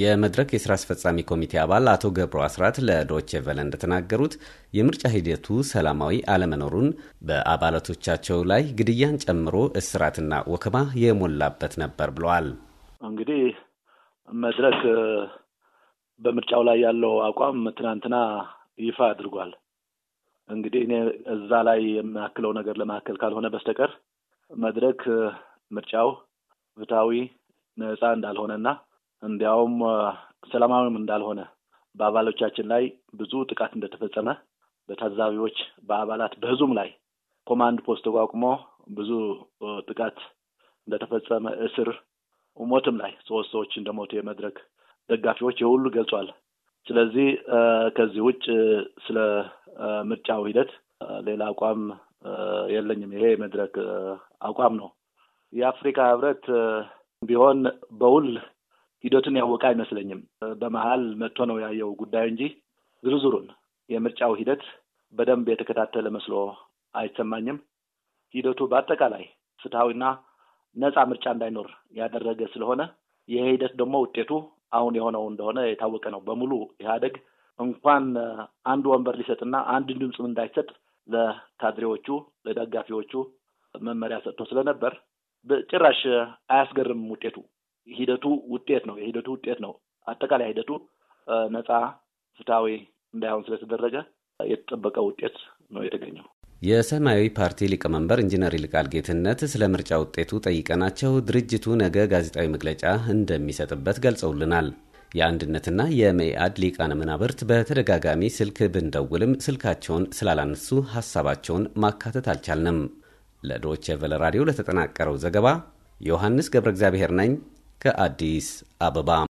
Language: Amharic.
የመድረክ የስራ አስፈጻሚ ኮሚቴ አባል አቶ ገብሩ አስራት ለዶቼ ቨለ እንደተናገሩት የምርጫ ሂደቱ ሰላማዊ አለመኖሩን በአባላቶቻቸው ላይ ግድያን ጨምሮ እስራትና ወከባ የሞላበት ነበር ብለዋል። እንግዲህ መድረክ በምርጫው ላይ ያለው አቋም ትናንትና ይፋ አድርጓል። እንግዲህ እኔ እዛ ላይ የማክለው ነገር ለማከል ካልሆነ በስተቀር መድረክ ምርጫው ፍትሐዊ፣ ነፃ እንዳልሆነና እንዲያውም ሰላማዊም እንዳልሆነ በአባሎቻችን ላይ ብዙ ጥቃት እንደተፈጸመ በታዛቢዎች፣ በአባላት፣ በህዝቡም ላይ ኮማንድ ፖስት ተቋቁሞ ብዙ ጥቃት እንደተፈጸመ እስር፣ ሞትም ላይ ሶስት ሰዎች እንደሞቱ የመድረክ ደጋፊዎች የሁሉ ገልጿል። ስለዚህ ከዚህ ውጭ ስለ ምርጫው ሂደት ሌላ አቋም የለኝም። ይሄ የመድረክ አቋም ነው። የአፍሪካ ህብረት ቢሆን በውል ሂደቱን ያወቀ አይመስለኝም። በመሀል መጥቶ ነው ያየው ጉዳዩ እንጂ ዝርዝሩን የምርጫው ሂደት በደንብ የተከታተለ መስሎ አይሰማኝም። ሂደቱ በአጠቃላይ ፍትሐዊና ነፃ ምርጫ እንዳይኖር ያደረገ ስለሆነ ይሄ ሂደት ደግሞ ውጤቱ አሁን የሆነው እንደሆነ የታወቀ ነው። በሙሉ ኢህአደግ እንኳን አንድ ወንበር ሊሰጥና አንድ ድምፅም እንዳይሰጥ ለካድሬዎቹ ለደጋፊዎቹ መመሪያ ሰጥቶ ስለነበር በጭራሽ አያስገርምም ውጤቱ። ሂደቱ ውጤት ነው። የሂደቱ ውጤት ነው። አጠቃላይ ሂደቱ ነፃ፣ ፍትሐዊ እንዳይሆን ስለተደረገ የተጠበቀ ውጤት ነው የተገኘው። የሰማያዊ ፓርቲ ሊቀመንበር ኢንጂነር ይልቃል ጌትነት ስለ ምርጫ ውጤቱ ጠይቀናቸው ድርጅቱ ነገ ጋዜጣዊ መግለጫ እንደሚሰጥበት ገልጸውልናል። የአንድነትና የመኢአድ ሊቃነ መናብርት በተደጋጋሚ ስልክ ብንደውልም ስልካቸውን ስላላነሱ ሀሳባቸውን ማካተት አልቻልንም። ለዶቼ ቨለ ራዲዮ ለተጠናቀረው ዘገባ ዮሐንስ ገብረ እግዚአብሔር ነኝ። ከአዲስ አበባ